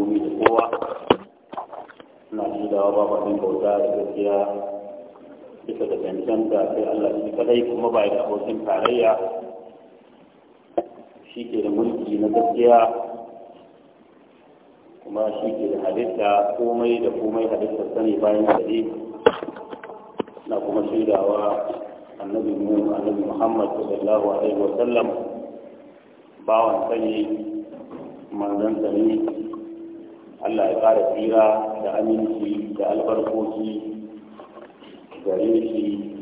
komi da kowa na wa babu abin bauta da gaskiya bisa da da sai Allah shi kadai kuma ba da abokin tarayya shi ke da mulki na gaskiya kuma shi ke da halitta komai da komai halitta sani bayan sadi na kuma shaidawa annabi mu annabi Muhammad sallallahu alaihi wa sallam bawan sani manzon sani Allah ya ƙara tsira da aminci da albarkoki gare shi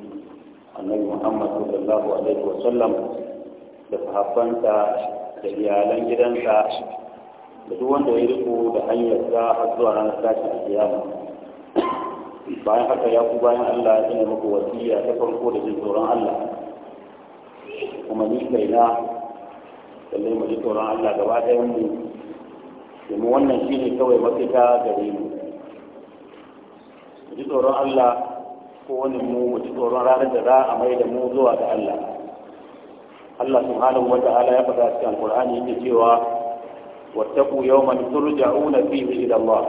annabi Muhammad sallallahu alaihi wa sallam da sahabbansa da iyalan gidansa da duk wanda ya riko da hanyar sa har zuwa ranar tashin kiyama bayan haka ya ku bayan Allah ina muku wasiya ta farko da jin tsoron Allah kuma ni kaina lallai mu ji tsoron Allah gaba ɗayan mu domin wannan shi ne kawai mafita gare mu ji tsoron Allah ko wani mu mu ji tsoron ranar da za a mai da mu zuwa ga Allah Allah wata ala ya faɗa cikin Al-Qur'ani yake cewa wattaqu yawman turja'una fihi ila Allah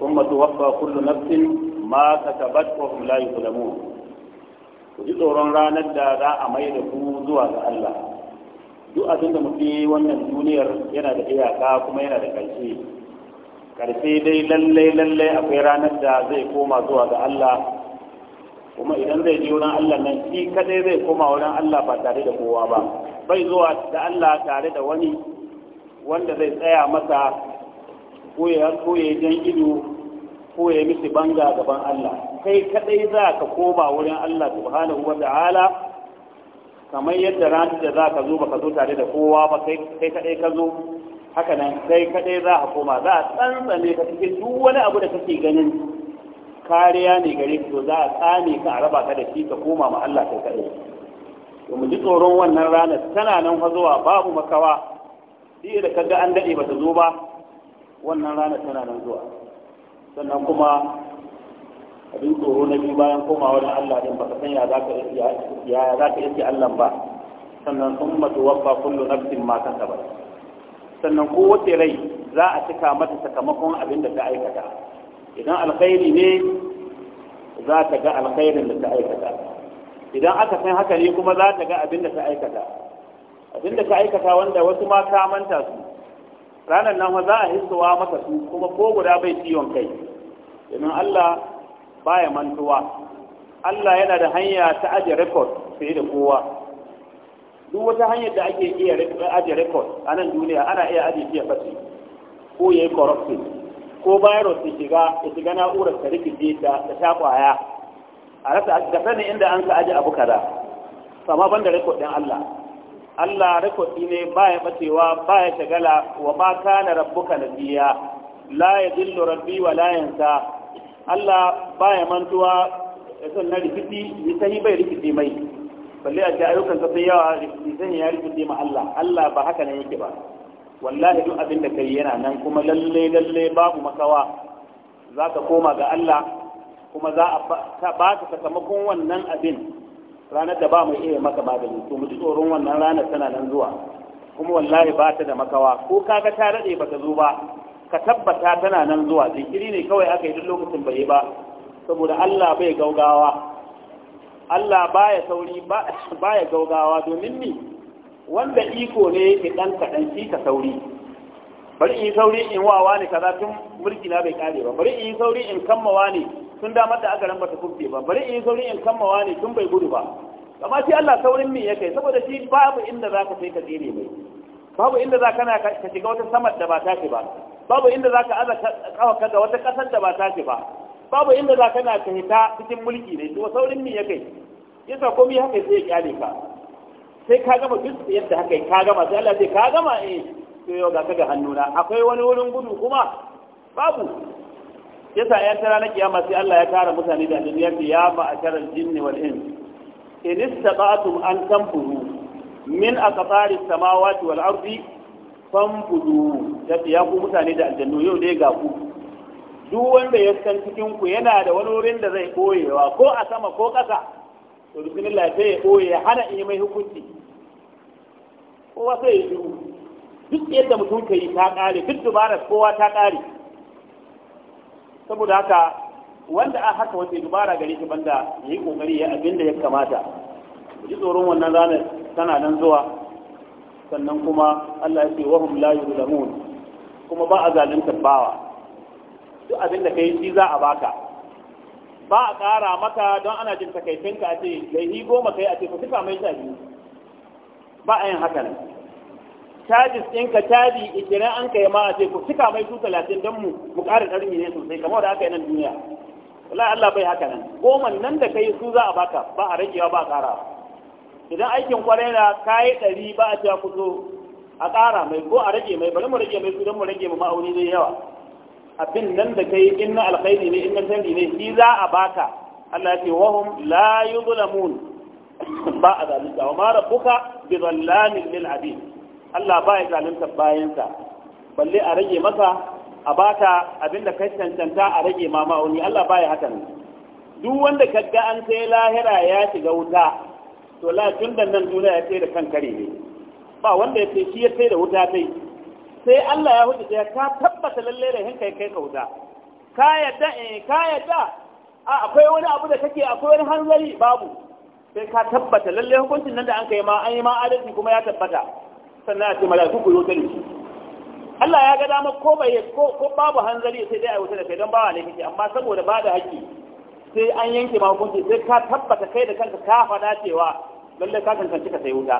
thumma tuwaffa kullu nafsin ma katabat wa hum la yuzlamun ku ji tsoron ranar da za a mai da ku zuwa ga Allah duk abin da mutum wannan duniyar yana da iyaka kuma yana da ƙarshe ƙarshe dai lallai lallai akwai ranar da zai koma zuwa ga Allah kuma idan zai je wurin Allah nan shi kadai zai koma wurin Allah ba tare da kowa ba bai zuwa da Allah tare da wani wanda zai tsaya masa ko ya jan ido ko ya mishi banga gaban Allah kai kadai za ka koma wurin Allah subhanahu wataala kamar yadda rani da za ka zo baka zo tare da kowa ba kai kaɗai ka zo haka nan kai kaɗai za a koma za a tsantsane ka cikin duk wani abu da kake ganin kariya ne gare ka to za a tsane ka a raba ka da shi ka koma ma Allah kai kaɗai to mu ji tsoron wannan ranar tana nan fa zuwa babu makawa shi da kaga an daɗe ba ta zo ba wannan ranar tana nan zuwa sannan kuma abin tsoro na biyu bayan komawar Allah din baka san ya za ka ya za ka yi Allah ba sannan sun mata wabba kullu nafsin ma ta ba sannan kowace rai za a cika mata sakamakon abin da ta aikata idan alkhairi ne za ta ga alkhairin da ta aikata idan aka san haka ne kuma za ta ga abin da ta aikata abin da ta aikata wanda wasu ma ka manta su ranar nan za a hissuwa mata su kuma ko guda bai ciwon kai domin Allah baya mantuwa Allah yana da hanya ta aje record fiye da kowa duk wata hanyar da ake iya aje record a nan duniya ana iya aje fiye fashe ko ya yi corruption ko virus ya shiga ya shiga na'urar ta rikice ta ta kwaya a rasa ga sanin inda an ka aje abu kaza amma ban da record din Allah Allah record ne baya bacewa baya shagala wa ma kana rabbuka nabiya la yadillu rabbi wa la yansa Allah baya mantuwa yasan na rikici nisani bai rikici mai balle a ce ayyukan sai yawa nisani ya rikici ma Allah Allah ba haka nan yake ba wallahi duk abin da kai yana nan kuma lalle lalle babu makawa za ka koma ga Allah kuma za a ba ka sakamakon wannan abin ranar da ba mai iya maka magani to mu ji tsoron wannan ranar tana nan zuwa kuma wallahi ba ta da makawa ko kaga ta daɗe ba ta zo ba ka tabbata tana nan zuwa jinkiri ne kawai aka yi duk lokacin bai ba saboda Allah bai gaugawa Allah baya sauri baya gaugawa domin ni wanda iko ne yake dan kadan shi ka sauri bari yi sauri in wawa ne kaza tun mulki na bai kare ba bari yi sauri in kammawa ne tun damar da aka ramba ta kubce ba bari yi sauri in kammawa ne tun bai gudu ba amma shi Allah saurin me yake saboda shi babu inda zaka kai ka jere mai babu inda zaka na ka shiga wata samar da ba ta ke ba babu inda za ka aza kawaka ga wata ƙasar da ba ta ce ba babu inda za ka na ta cikin mulki ne to saurin mi ya kai yasa komai haka sai ya kyale ka sai ka gama duk yadda haka ka gama sai Allah sai ka gama eh to yau ga kaga hannuna akwai wani wurin gudu kuma babu ya sa ya tara na kiyama sai Allah ya tara mutane da da ya a ma'asharal jinni wal ins in istata'tum an tanfuru min aqtaris samawati wal ardi fanfudu ya ku mutane da aljannu yau dai ga ku duk wanda ya san cikin ku yana da wani wurin da zai koyewa ko a sama ko ƙasa to bismillah sai ya koye hana in mai hukunci kowa sai ya shiru duk yadda mutum ka yi ta ƙare duk dubara kowa ta ƙare saboda haka wanda a haka wata dubara gare shi banda ya yi ƙoƙari ya abin da ya kamata ku ji tsoron wannan ranar tana nan zuwa sannan kuma Allah ya ce wahum la yuzlamun kuma ba a zalunta bawa duk abin da kai shi za a baka ba a ƙara maka don ana jin takaitinka a ce laihi goma kai a ce ku tuka mai sha biyu ba a yin haka nan cajis ɗinka caji ikirin an kai ma a ce ku tuka mai su talatin don mu mu ƙara ɗarmi ne sosai kamar da aka yi nan duniya wallahi Allah bai haka nan goma nan da kai su za a baka ba a ragewa ba a ƙarawa idan aikin kwarai na kayi ɗari ba a cewa kuso a ƙara mai ko a rage mai bari mu rage mai su don mu rage mu ma'auni zai yawa abin nan da kai in na alkhairi ne in na sharri ne shi za a baka Allah ya ce wahum la yuzlamun ba a zalunta wa ma rabbuka bi zallamin lil abid Allah ba ya zalunta bayansa balle a rage masa a baka abin da kai cancanta a rage ma ma'auni Allah ba ya hakan duk wanda kaga an sai lahira ya shiga wuta to la tun da nan duniya ya tsaye da kan kare ne ba wanda ya ce shi ya tsaye da wuta dai sai Allah ya hudu ya ka tabbata lalle da hinka kai ka wuta ka yadda eh ka yadda a akwai wani abu da kake akwai wani hanzari babu sai ka tabbata lalle hukuncin nan da an kai ma an yi ma adalci kuma ya tabbata sannan ya ce mala'iku ku yi wuta shi Allah ya ga dama ko bai ko babu hanzari sai dai a wuta da kai don bawa ne kike amma saboda ba da haƙƙi sai an yanke ma sai ka tabbata kai da kanka ka faɗa cewa lallai ka kankanci ka sai wuta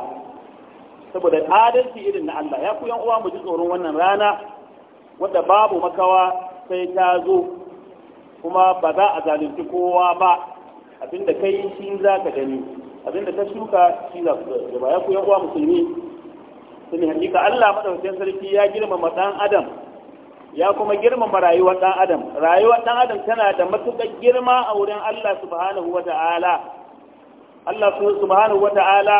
saboda adalci irin na Allah ya ku yan uwa mu ji tsoron wannan rana wadda babu makawa sai ta zo kuma ba za a zalunci kowa ba abinda kai shi za ka gani abinda ka shuka shi za ka gaba ya ku yan uwa musulmi sun hakika Allah madaukakin sarki ya girmama dan adam ya kuma girmama rayuwar ɗan adam rayuwar ɗan adam tana da matuƙar girma a wurin Allah subhanahu wa ta'ala Allah subhanahu wa ta'ala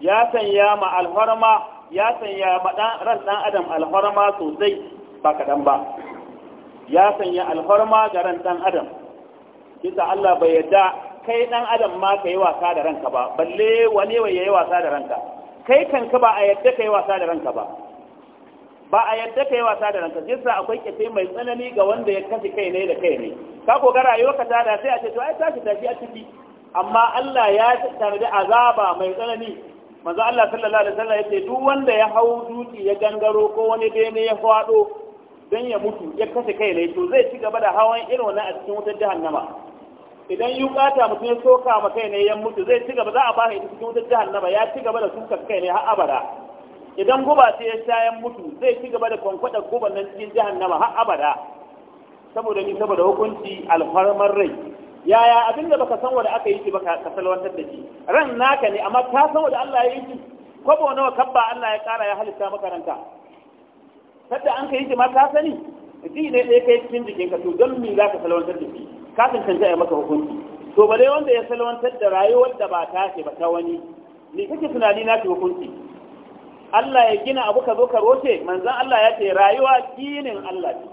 ya sanya ma alhorma ya sanya ma ran ɗan adam alhorma sosai ba kaɗan ba ya sanya alhorma ga ran ɗan adam kisa Allah bai yadda kai ɗan adam ma ka yi wasa da ranka ba balle wani wai ya yi wasa da ranka kai kanka ba a yadda ka yi wasa da ranka ba ba a yadda ka yi wasa da ranka sai akwai kyafe mai tsanani ga wanda ya kashe kai ne da kai ne ka ko ga rayuwar ka tada sai a ce to ai tashi tashi a ciki amma Allah ya da azaba mai tsanani manzo Allah sallallahu alaihi wasallam yace duk wanda ya hau duki ya gangaro ko wani bene ya fado dan ya mutu ya kashe kai ne to zai ci gaba da hawan irin wannan a cikin wutar jahannama idan yi bata mutum ya soka ma kai ne ya mutu zai ci gaba za a ba shi cikin wutar jahannama ya ci gaba da suka kai ne har abada idan guba sai ya shayan mutu zai ci gaba da kwankwada guban nan cikin jahannama har abada saboda ni saboda hukunci alfarmar rai yaya abin da baka san wanda aka yi ki baka ka salwantar da shi ran naka ne amma ka san wanda Allah ya yi ki kwabo nawa kabba Allah ya kara ya halitta makaranta sadda an kai ki ma ka sani ji ne dai kai cikin jikin ka to don me za ka salwantar da shi ka tantance a maka hukunci to bare wanda ya salwantar da rayuwar da ba ta ce ba ta wani ni kake tunani na hukunci Allah ya gina abu ka zo ka roce manzan Allah ya ce rayuwa ginin Allah ce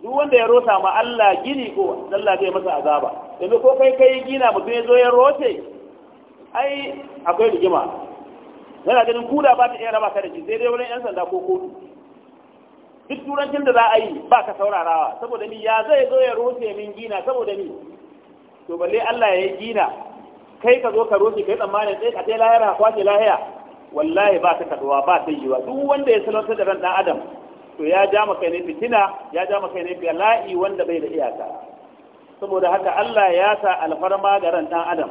duk wanda ya rota ma Allah gini ko Allah zai masa azaba yanzu ko kai kai gina mutum ya zo ya roce ai akwai rigima yana ganin kuda ba ta iya raba ka da shi sai dai wurin yan sanda ko kotu duk turancin da za a yi ba ka saurarawa saboda ni ya zai zo ya roce min gina saboda ni to balle Allah ya gina kai ka zo ka roce kai tsammanin sai ka sai lahira kwace lahira wallahi ba ta kaduwa ba ta yiwa duk wanda ya salwantar da ran dan adam to ya ja maka ne fitina ya ja maka ne bala'i wanda bai da iyaka saboda haka Allah ya sa alfarma ga ran dan adam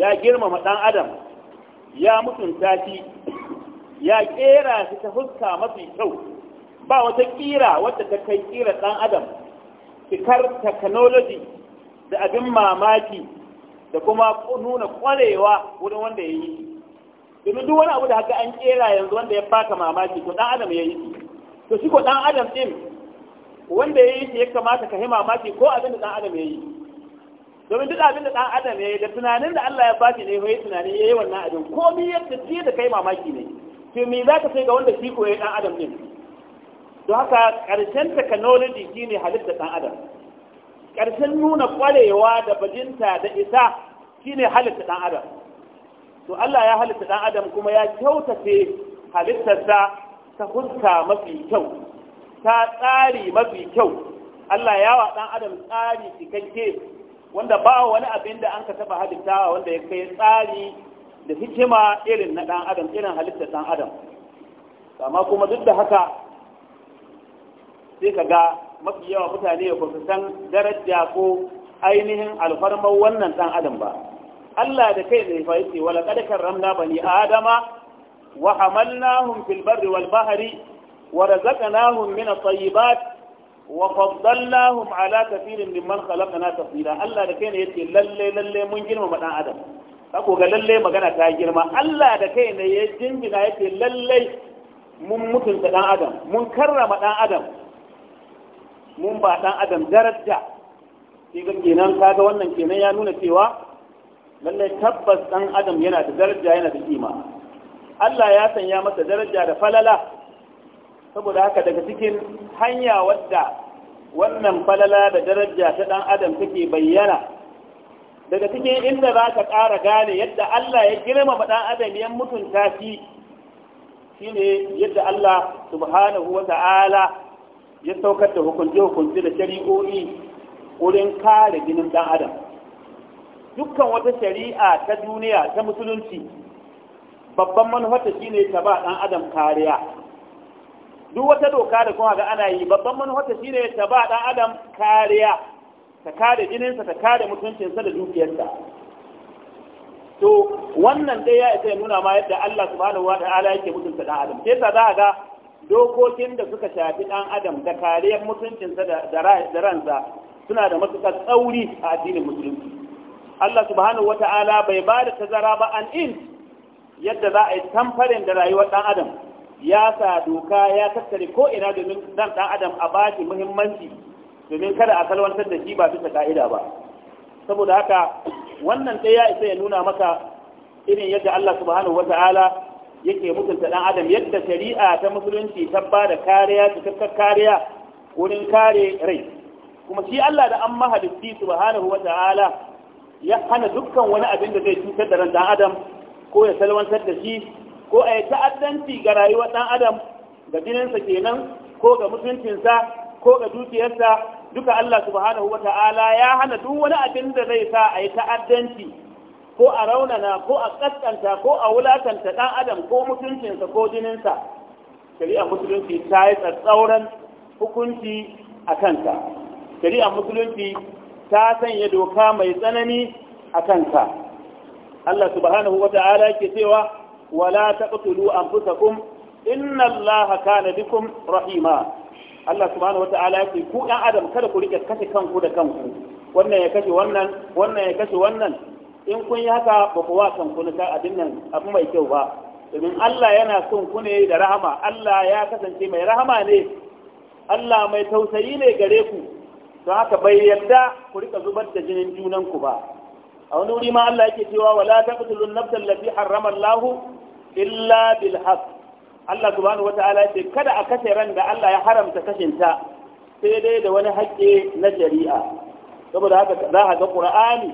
ya girmama dan adam ya mutunta shi ya kera shi ta huska mafi kyau ba wata kira wadda ta kai kira dan adam fikar technology da abin mamaki da kuma nuna kwarewa wurin wanda ya yi domin duk wani abu da haka an kera yanzu wanda ya baka mamaki to dan adam ya yi to shi ko dan adam din wanda ya yi shi ya kamata ka yi mamaki ko abin da dan adam ya yi domin duk abin da dan adam ya yi da tunanin da Allah ya baki ne yayi tunanin yayi wannan abin ko bi yadda ji da kai mamaki ne to me za ka sai ga wanda shi ko yayi dan adam din don haka karshen technology shine halitta dan adam karshen nuna kwarewa da bajinta da isa shine halitta dan adam to Allah ya halitta dan adam kuma ya kyautace halittarsa ta huska mafi kyau ta tsari mafi kyau Allah ya wa dan adam tsari cikakke wanda ba wani abin da an ka taba halittawa wanda ya kai tsari da hikima irin na dan adam irin halittar dan adam amma kuma duk da haka sai kaga mafi yawa mutane ya san daraja ko ainihin alfarmar wannan dan adam ba Allah da kai zai fa yace wala qad karramna bani adama wa hamalnahum fil barri wal bahri wa razaqnahum min at-tayyibat wa faddalnahum ala kathirin mimman khalaqna Allah da kai ne yace lalle lalle mun girmama dan adam kako ga lalle magana ta girma Allah da kai ne ya jingina yace lalle mun mutunta dan adam mun karrama dan adam mun ba dan adam daraja shi ga kenan kaga wannan kenan ya nuna cewa lallai tabbas ɗan adam yana da daraja yana da kima Allah ya sanya masa daraja da falala saboda haka daga cikin hanya wadda wannan falala da daraja ta ɗan adam take bayyana daga cikin inda za ka ƙara gane yadda Allah ya girmama ɗan adam ya mutunta shi shine yadda Allah subhanahu wa ta'ala ya saukar da hukunce-hukunce da shari'o'i wurin kare ginin ɗan adam dukkan wata shari'a ta duniya ta musulunci babban manufarta shine ta ba dan adam kariya duk wata doka da kuma ga ana yi babban manufarta shine ta ba dan adam kariya ta kare jininsa ta kare mutuncinsa da dukiyarsa to wannan dai ya isa ya nuna ma yadda Allah subhanahu wa ta'ala yake mutunta dan adam sai za ga dokokin da suka shafi dan adam da kariyar mutuncinsa da ransa suna da matukar tsauri a addinin musulunci Allah subhanahu wata'ala bai ba da tazara ba an in yadda za a yi tamfarin da rayuwar ɗan adam ya sa doka ya tattare ko ina domin dan ɗan adam a ba shi muhimmanci domin kada a kalwantar da shi ba bisa ka'ida ba saboda haka wannan ɗaya ya isa ya nuna maka irin yadda Allah subhanahu wata'ala yake mutunta ɗan adam yadda shari'a ta musulunci ta ba da kariya cikakkar kariya wurin kare rai kuma shi Allah da an mahalitti subhanahu wata'ala ya hana dukkan wani abin da zai cutar da ran adam ko ya salwantar da shi ko a yi ta'addanci ga rayuwar ɗan adam ga jininsa kenan ko ga mutuncinsa ko ga dukiyarsa duka Allah subhanahu ta'ala ya hana duk wani abin da zai sa a yi ta'addanci ko a raunana ko a ƙasƙanta, ko a wulatanta ɗan adam ko mutuncinsa ko jininsa shari'a musulunci ta yi tsatsauran hukunci a kanta shari'a musulunci ta sanya doka mai tsanani a kanka Allah subhanahu wa ta'ala yake cewa wala taqtulu anfusakum inna Allaha kana bikum rahima Allah subhanahu wa ta'ala yake ku ɗan adam kada ku rike kashe kanku da kanku wannan ya kashe wannan wannan ya kashe wannan in kun yi haka ba ku wa kanku na abin nan abu mai kyau ba domin Allah yana son ku ne da rahama Allah ya kasance mai rahama ne Allah mai tausayi ne gare ku don haka bai yadda ku rika zubar da jinin junanku ba a wani wuri ma Allah yake cewa wala taqtulu an-nafsa allati harrama Allah illa bil haqq Allah subhanahu wata'ala yace kada a kashe ran da Allah ya haramta kashinta sai dai da wani haƙƙi na shari'a saboda haka za ka ga Qur'ani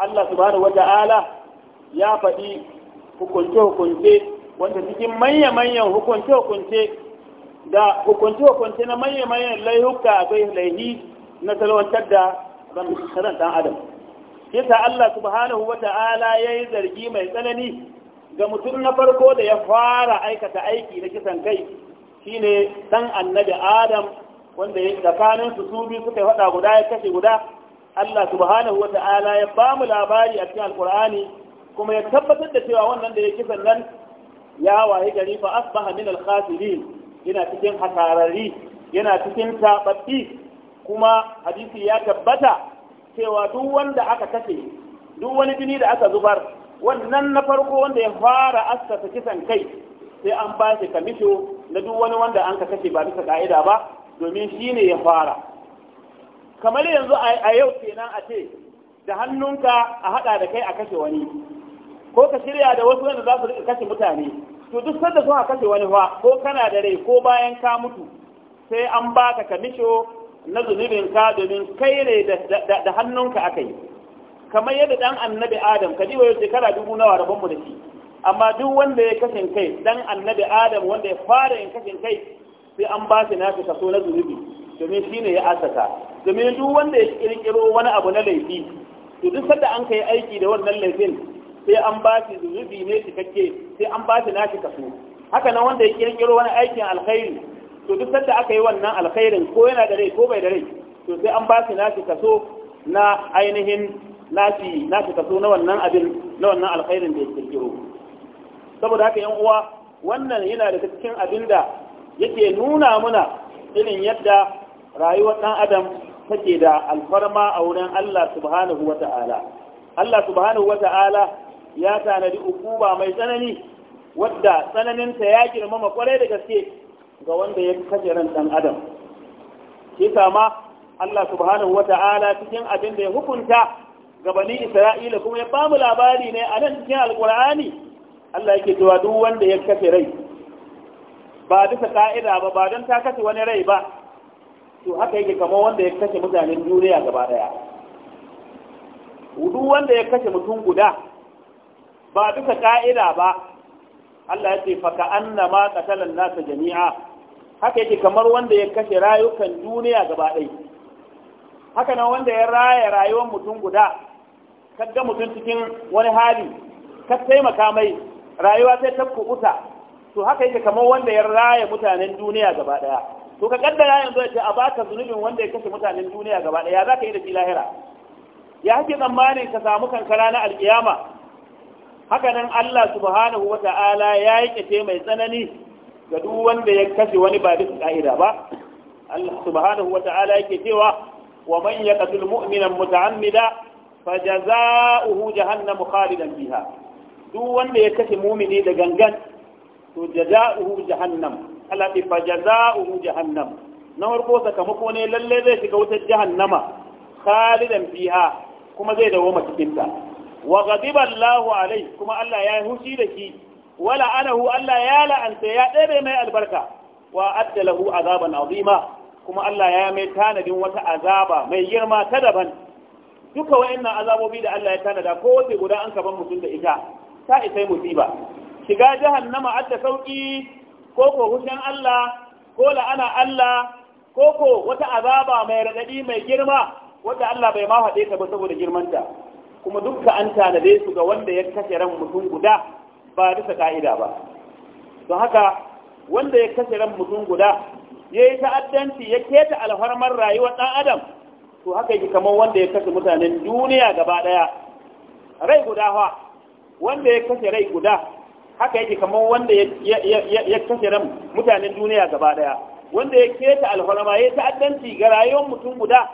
Allah subhanahu wata'ala ya faɗi hukunce-hukunce wanda cikin manya-manyan hukunce-hukunce da hukunce-hukunce na manya-manyan laihuka akwai laihi na salwantar da ran dan adam yasa Allah subhanahu wa ta'ala yayi zargi mai tsanani ga mutum na farko da ya fara aikata aiki na kisan kai shine dan annabi adam wanda ya tsakanin su su biyu suka faɗa guda ya kashe guda Allah subhanahu wa ta'ala ya ba mu labari a cikin alkur'ani kuma ya tabbatar da cewa wannan da ya kisan nan ya waye gari fa asbaha min al-khasirin yana cikin hasarari yana cikin tababbi kuma hadisi ya tabbata cewa duk wanda aka kashe duk wani jini da aka zubar wannan na farko wanda ya fara askasa kisan kai sai an ba shi kamisho na duk wani wanda an ka kashe ba bisa ka'ida ba domin shi ne ya fara kamar yanzu a yau kenan a ce da hannunka a haɗa da kai a kashe wani ko ka shirya da wasu wanda za su kashe mutane to duk sanda suka kashe wani fa ko kana da rai ko bayan ka mutu sai an baka kamisho na zunubinka domin kai ne da hannunka aka yi kamar yadda dan annabi adam ka jiwa shekara dubu nawa mu da shi amma duk wanda ya kashin kai dan annabi adam wanda ya fara yin kashin kai sai an ba shi kaso na zunubi domin shi ne ya asaka domin duk wanda ya kirkiro wani abu na laifi to duk sanda an kai aiki da wannan laifin sai an ba shi zunubi ne kake sai an ba shi kaso haka nan wanda ya kirkiro wani aikin alkhairi to duk sanda aka yi wannan alkhairin ko yana da rai ko bai da rai to sai an ba shi nasi kaso na ainihin nashi nashi kaso na wannan abin na wannan alkhairin da ya kirkiro saboda haka yan uwa wannan yana da cikin abin da yake nuna muna irin yadda rayuwar ɗan adam take da alfarma a wurin Allah subhanahu wa ta'ala Allah subhanahu wa ta'ala ya tanadi ukuba mai tsanani wadda tsananinta ya girmama kwarai da gaske ga wanda ya kashe ran ɗan adam kisa ma Allah subhanahu wa ta'ala cikin abin da ya hukunta ga bani Isra'ila kuma ya bamu labari ne a nan cikin alkur'ani Allah yake cewa duk wanda ya kashe rai ba bisa ka'ida ba ba don ta kashe wani rai ba to haka yake kamar wanda ya kashe mutanen duniya gaba daya duk wanda ya kashe mutum guda ba bisa ka'ida ba Allah ya ce faka annama qatala an-nasa jami'a haka yake kamar wanda ya kashe rayukan duniya gaba ɗai haka nan wanda ya raya rayuwar mutum guda kaga mutum cikin wani hali ka taimaka mai rayuwa sai ta kubuta to haka yake kamar wanda ya raya mutanen duniya gaba ɗaya to ka kaddara yanzu ya a baka zunubin wanda ya kashe mutanen duniya gaba ɗaya za ka yi da shi lahira ya hake tsammanin ka samu kankara na alkiyama haka nan Allah subhanahu wa ta'ala ya yi mai tsanani ga duk wanda ya kashe wani ba bisa ka'ida ba Allah subhanahu wata'ala yake cewa wa man yaqtul mu'mina muta'ammida fajaza'uhu jahannamu khalidan biha duk wanda ya kashe mumini da gangan to jaza'uhu jahannam Allah ya fajaza'uhu jahannam na farko sakamako ne lalle zai shiga wutar jahannama khalidan fiha kuma zai dawo cikin ta wa ghadiba Allahu alai kuma Allah ya yi hushi da shi wala anahu Allah ya la'anta ya ɗebe mai albarka wa adda azaban azima kuma Allah ya mai tanadin wata azaba mai girma ta daban duka wayannan azabobi da Allah ya tanada ko wace guda an kaban mutum da ita ta isai musiba shiga jahannama adda sauki ko ko hushin Allah ko la'ana Allah ko ko wata azaba mai radadi mai girma wanda Allah bai ma haɗe ta ba saboda girmanta kuma dukka an tanade su ga wanda ya kashe ran mutum guda ba bisa ka'ida ba don haka wanda ya kashe ran mutum guda ya yi ta'addanci ya keta alfarmar rayuwar ɗan adam to haka yake kamar wanda ya kashe mutanen duniya gaba ɗaya rai guda fa wanda ya kashe rai guda haka yake kamar wanda ya kashe ran mutanen duniya gaba ɗaya wanda ya keta alfarma ya yi ta'addanci ga rayuwar mutum guda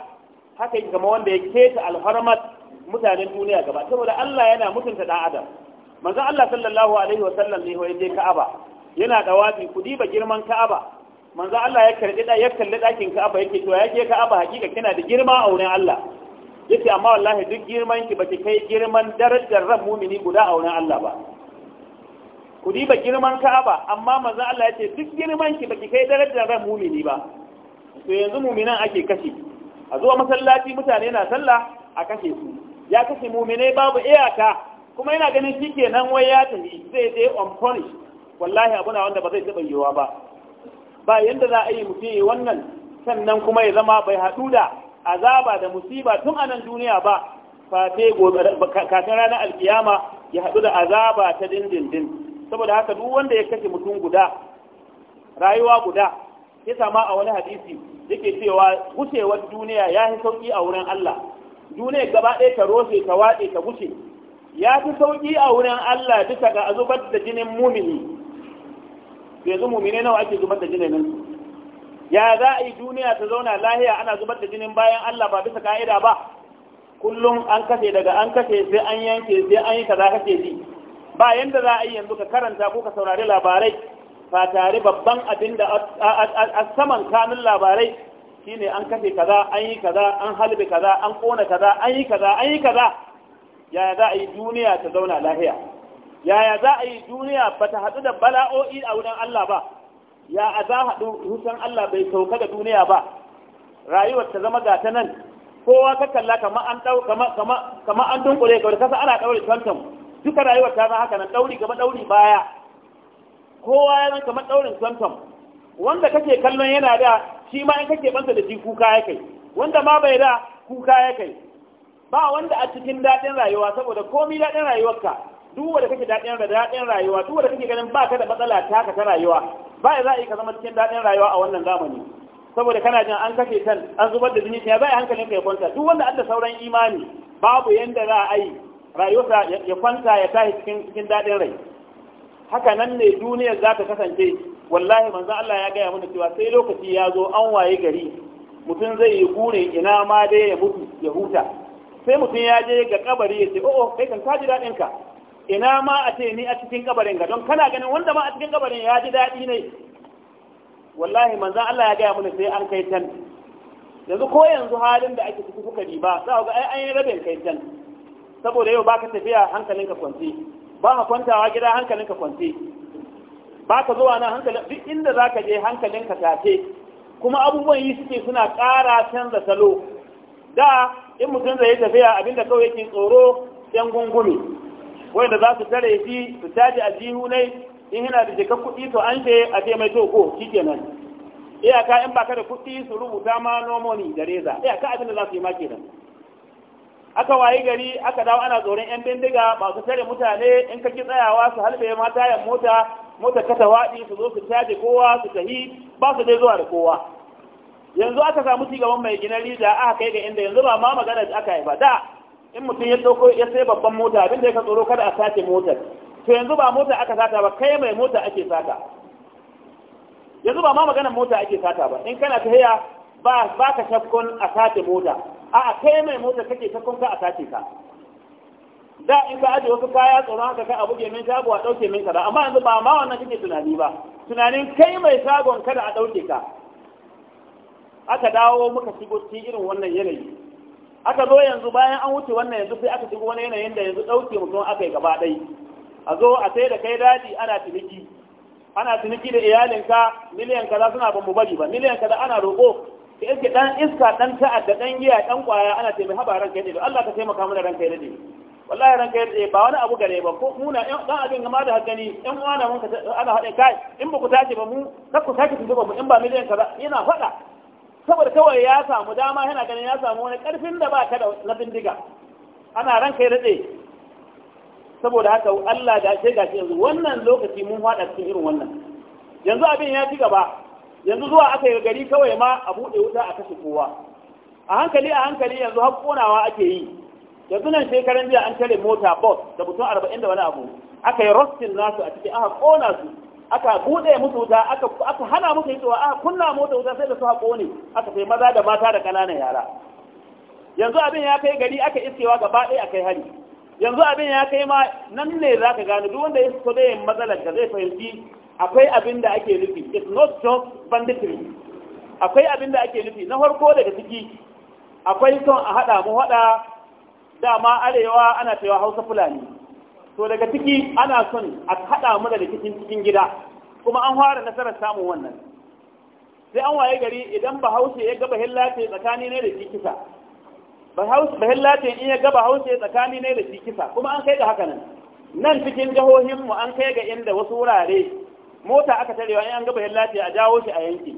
haka yake kamar wanda ya keta alfarmar mutanen duniya gaba saboda Allah yana mutunta ɗan adam manzo Allah sallallahu alaihi wa sallam ne hoye dai Ka'aba yana dawabi kudi ba girman Ka'aba manzo Allah ya karbi da ya kalli dakin Ka'aba yake to yake Ka'aba hakika kina da girma a wurin Allah yace amma wallahi duk girman ki baki kai girman darajar ran mumini guda a wurin Allah ba kudi ba girman Ka'aba amma manzo Allah yace duk girman ki baki kai darajar ran mumini ba to yanzu muminan ake kashe a zuwa masallaci mutane na sallah a kashe su ya kashe muminai babu iyaka kuma yana ganin shi nan wai ya tafi zai je on punish wallahi abu na wanda ba zai taɓa yiwuwa ba ba yanda za a yi mutum yi wannan sannan kuma ya zama bai haɗu da azaba da musiba tun a nan duniya ba fate kafin ranar alkiyama ya haɗu da azaba ta dindindin saboda haka duk wanda ya kashe mutum guda rayuwa guda ya sama a wani hadisi yake cewa gushewar duniya ya yi sauƙi a wurin Allah duniya gaba ɗaya ta roshe ta waɗe ta gushe ya fi sauƙi a wurin Allah duka ga zubar da jinin mumini yanzu mumini nawa ake zubar da jinin ya za a yi duniya ta zauna lahiya ana zubar da jinin bayan Allah ba bisa ka'ida ba kullum an kashe daga an kashe sai an yanke sai an yi kaza kashe ji ba yanda za a yi yanzu ka karanta ko ka saurari labarai ba tare babban abin da a saman kanun labarai shine an kashe kaza an yi kaza an halbe kaza an kona kaza an yi kaza an yi kaza yaya za a yi duniya ta zauna lahiya yaya za a yi duniya ba ta haɗu da bala'o'i a wurin Allah ba ya a za haɗu rusan Allah bai sauka da duniya ba rayuwar ta zama gata nan kowa ka kalla kama an ɗau dunkule ga wani kasa ana ɗauri tantan duka rayuwar ta zama haka nan ɗauri gaba ɗauri baya kowa ya zan kama ɗaurin tantan wanda kake kallon yana da shi ma in kake bansa da shi kuka ya kai wanda ma bai da kuka ya kai ba wanda a cikin daɗin rayuwa saboda komi daɗin rayuwarka duk wanda kake daɗin da daɗin rayuwa duk wanda kake ganin baka da matsala ka ta rayuwa ba ya za a yi ka zama cikin daɗin rayuwa a wannan zamani saboda kana jin an kashe kan an zubar da jini ya za a hankalin ka ya kwanta duk wanda adda sauran imani babu yanda za a yi rayuwarsa ya kwanta ya tashi cikin cikin daɗin rai haka nan ne duniyar za ta kasance wallahi manzo Allah ya gaya mana cewa sai lokaci ya zo an waye gari mutum zai yi gure ina ma dai ya mutu ya huta sai mutum ya je ga kabari ya ce o'o oh, oh, kai kan kaji daɗin ka ina ma a ce ni a cikin kabarin ga don kana ganin wanda ma a cikin kabarin ya ji daɗi ne wallahi manzan Allah ya gaya mana sai an kai can yanzu ko yanzu halin da ake ciki kuka ba za ga ai an yi rabin kai can saboda yau baka tafiya hankalin ka kwance ba ka kwantawa gida hankalin ka kwance ba ka zuwa nan hankalin duk inda za ka je ka tafe. kuma abubuwan yi suke suna ƙara canza salo da in mutum zai tafiya abinda kawai yake tsoro yan gungumi wanda za su tare shi su taji jihu ne in yana da jikar kuɗi to an ce a ce mai toko shi nan, iyaka in baka da kuɗi su rubuta ma nomoni da reza iyaka abinda za su yi ma kenan aka wayi gari aka dawo ana tsoron yan bindiga masu tare mutane in ka ki tsayawa su halbe ma tayan mota mota ka tawaɗi su zo su caje kowa su tahi ba su dai zuwa da kowa yanzu aka samu cigaban mai gina rija aka kai ga inda yanzu ba ma magana da aka yi ba da in mutum ya ɗauko ya sai babban mota abin da ya ka tsoro kada a sace mota. to yanzu ba mota aka sata ba kai mai mota ake sata yanzu ba ma maganar mota ake sata ba in kana haya ba ba ka shakkun a sace mota a kai mai mota kake shakkun ka a sace ka da in ka aje wasu kaya tsoron haka kai a buge min shago a ɗauke min kaza amma yanzu ba ma wannan kake tunani ba tunanin kai mai shagon kada a ɗauke ka aka dawo muka shigo cikin irin wannan yanayi aka zo yanzu bayan an wuce wannan yanzu sai aka shigo wani yanayin da yanzu ɗauke mutum aka yi gaba ɗai a zo a sai da kai daji ana ciniki ana ciniki da iyalinka miliyan kaza suna ban mu bari ba miliyan kaza ana roƙo ka iske dan iska dan ta'adda dan giya dan kwaya ana ce mai haba ranka yadda Allah ka taimaka mana ranka yadda wallahi ranka yadda ba wani abu gare ba ko muna dan abin ga da hankali yan wani mun ka ana haɗe kai in ba ku tashi ba mu kar ku ku ba mu in ba miliyan kaza yana faɗa saboda kawai ya samu dama yana ganin ya samu wani karfin da ba ka da na bindiga ana ran kai rade saboda haka Allah ga ce gashi yanzu wannan lokaci mun fada cikin irin wannan yanzu abin ya ci gaba yanzu zuwa aka yi gari kawai ma a buɗe wuta a kashe kowa a hankali a hankali yanzu har konawa ake yi yanzu nan shekaran jiya an tare mota bus da mutum arba'in da wani abu aka yi rostin nasu a ciki, aka kona su aka buɗe musu wuta aka hana musu yi tsawa a kunna mota wuta sai da su haƙo ne aka sai maza da mata da ƙananan yara yanzu abin ya kai gari aka iskewa gaba ɗaya akai hari yanzu abin ya kai ma nan ne za ka gane duk wanda ya so da yin matsalar da zai fahimci akwai abin da ake nufi it's not just banditry akwai abin da ake nufi na farko daga ciki akwai son a haɗa mu haɗa dama arewa ana cewa hausa fulani to daga ciki ana son a haɗa mu da cikin cikin gida kuma an fara nasarar samun wannan sai an waye gari idan bahaushe ya gaba hillace tsakani ne da shi kisa Bahaushe in ya gaba hausa tsakani ne da shi kisa kuma an kai ga haka nan nan cikin mu an kai ga inda wasu wurare mota aka tarewa in an gaba hillace a jawo shi a yanki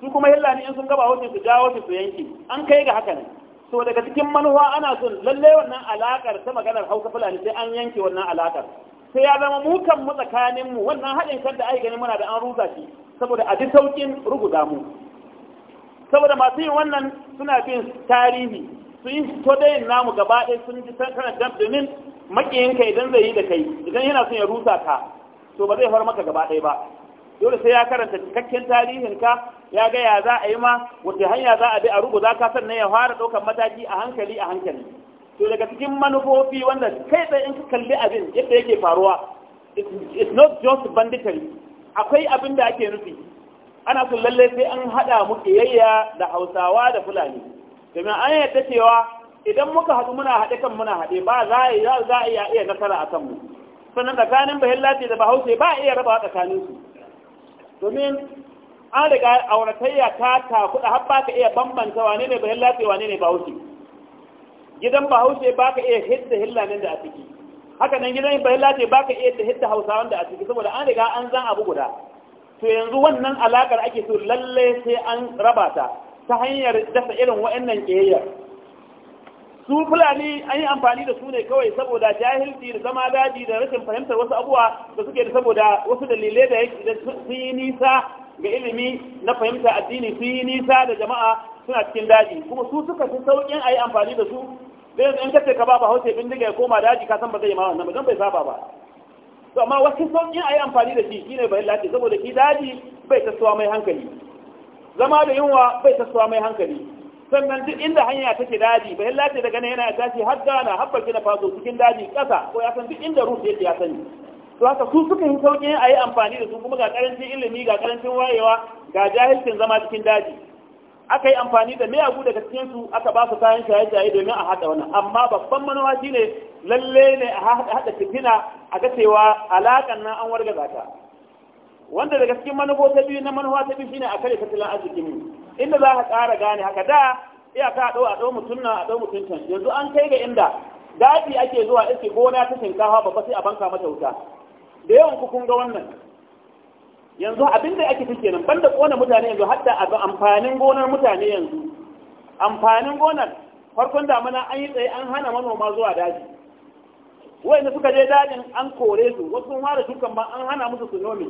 su kuma hillani in sun gaba hausa su jawo shi su yanki an kai ga haka nan so daga cikin manuwa ana son lalle wannan alakar ta maganar hausa fulani sai an yanke wannan alakar sai ya zama mu kan mu tsakanin mu wannan haɗin kan da ai gani muna da an ruza shi saboda a ji saukin ruguza mu saboda masu yin wannan suna bin tarihi su yi to dayin namu gaba ɗaya sun ji sanar domin makiyinka idan zai yi da kai idan yana son ya rusa ka to ba zai far maka gaba ɗaya ba dole sai ya karanta cikakken tarihin ka ya ga ya za a yi ma wata hanya za a bi a rubuta ka sannan ya fara ɗaukar mataki a hankali a hankali to daga cikin manufofi wanda kai tsaye in kalli abin yadda yake faruwa it's not just banditry akwai abin da ake nufi ana so lalle sai an haɗa mu kiyayya da hausawa da fulani domin an yadda cewa idan muka haɗu muna haɗe kan muna haɗe ba za a iya iya nasara a kanmu sannan tsakanin bahilla ce da bahaushe ba a iya raba tsakaninsu domin an riga auratayya ta takuɗa har ba ka iya bambanta wane ne bayan lafiya wane ne bahaushe gidan bahaushe ba ka iya hidda hillanin da a ciki haka nan gidan bayan lafiya ba ka iya hidda hausawan da a ciki saboda an riga an zan abu guda to yanzu wannan alaƙar ake so lalle sai an raba ta ta hanyar dasa irin waɗannan ƙiyayyar su fulani an yi amfani da su ne kawai saboda jahilci da zama daji da rashin fahimtar wasu abuwa da suke da saboda wasu dalilai da da yi nisa ga ilimi na fahimta addini su yi nisa da jama'a suna cikin daji kuma su suka fi sauƙin a yi amfani da su zai in kace ka ba ba hausa bindiga ya koma daji ka san ba zai ma wannan ba don bai saba ba to amma wasu sauƙin a yi amfani da shi shine bai lati saboda ki daji bai tasowa mai hankali zama da yunwa bai tasowa mai hankali sannan duk inda hanya take daji bai lace daga nan yana tashi har gana habbar gina fazo cikin daji kasa ko ya san duk inda rufe yake ya sani to haka su suka yi sauki a yi amfani da su kuma ga karancin ilimi ga karancin wayewa ga jahilcin zama cikin daji aka yi amfani da miyagu daga cikin su aka ba su kayan shaye-shaye domin a haɗa wannan amma babban manowa shine lalle ne a haɗa fitina a ga cewa alaƙan nan an wargaza ta wanda daga cikin manufo ta biyu na manufa ta biyu shine a kare tattalin arzikin inda za ka ƙara gane haka da iyaka a ɗau a ɗau mutum na a ɗau mutum can yanzu an kai ga inda daji ake zuwa iske gona ta shinkafa babba sai a banka mata wuta da yawan ku kun ga wannan yanzu abin da ake fice nan banda kona mutane yanzu hatta a ga amfanin gonar mutane yanzu amfanin gonar farkon damuna an yi tsaye an hana manoma zuwa daji wayanda suka je dajin an kore su wasu sun fara shukan ma an hana musu su nome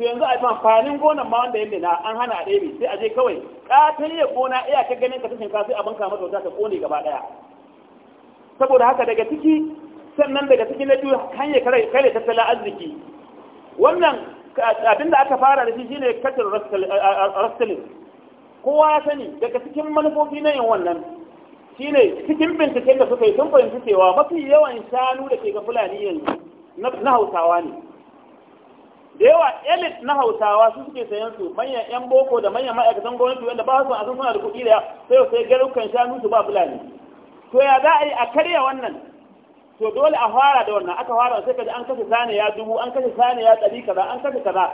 to yanzu a amfanin gonan ma wanda yake na an hana a sai a je kawai katon ya gona iya ka ganin ka ta shinkafa sai a banka mata kone gaba ɗaya saboda haka daga ciki sannan daga ciki na biyu hanyar kare tattalin arziki wannan abin da aka fara da shi shine katin rastalin kowa ya sani daga cikin manufofi na yin wannan shine cikin binciken da suka yi sun fahimci cewa mafi yawan shanu da ke ga fulani yanzu na hausawa ne da yawa elit na hausawa su suke sayan su manyan yan boko da manyan ma'aikatan gwamnati wanda ba su a san suna da kuɗi da sai sai garukan shanu su ba fulani to ya za a yi a karya wannan to dole a fara da wannan aka fara sai kaji an kashe sani ya dubu an kashe sani ya ɗari kaza an kashe kaza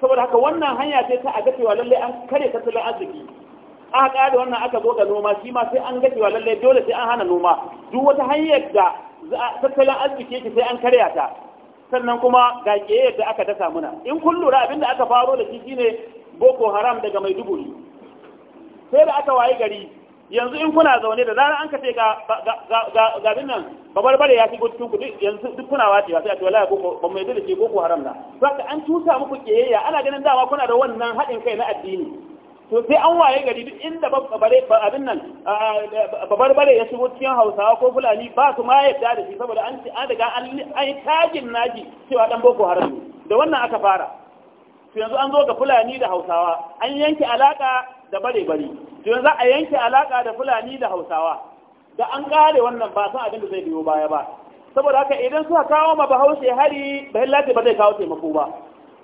saboda haka wannan hanya ce ta a gacewa lallai an karya tattalin arziki aka ƙara da wannan aka zo da noma shi ma sai an gacewa lallai dole sai an hana noma duk wata hanyar da tattalin arziki yake sai an karya ta sannan kuma ga ke yadda aka dasa muna in kun lura abin da aka faro da shi shine boko haram daga mai maiduguri sai da aka waye gari yanzu in kuna zaune da zarar an kace ga ga gabin nan babarbare ya shigo cikin kudi yanzu duk kuna wace sai a ce wallahi boko ba mai da boko haram na saka an tusa muku ƙiyayya ana ganin dama kuna da wannan haɗin kai na addini to sai an waye gari duk inda abin nan babarbare ya shigo cikin hausawa ko fulani ba su ma yadda da shi saboda an daga an yi tagin naji cewa dan boko haram da wannan aka fara to yanzu an zo ga fulani da hausawa an yanke alaka da bare bare to yanzu a yanke alaka da fulani da hausawa da an kare wannan ba san abin da zai biyo baya ba saboda haka idan suka kawo ma bahaushe hari bahillaci ba zai kawo taimako ba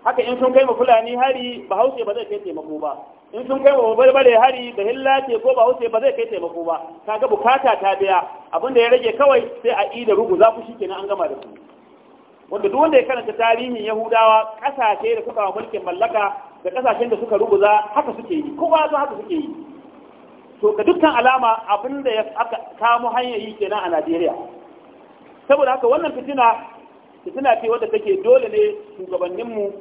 haka in sun kai ma fulani hari ba hausa ba zai kai taimako ba in sun kai wa babbare hari da hillace ko ba hausa ba zai kai taimako ba kaga bukata ta biya abin da ya rage kawai sai a ida rugu za ku shikenan an gama da su wanda duk wanda ya karanta tarihin yahudawa kasashe da suka wa mulkin mallaka da kasashen da suka ruguza haka suke yi kowa su haka suke yi to ga dukkan alama abin da ya aka kamo hanyar yi kenan a Najeriya saboda haka wannan fitina suna ce wadda take dole ne shugabanninmu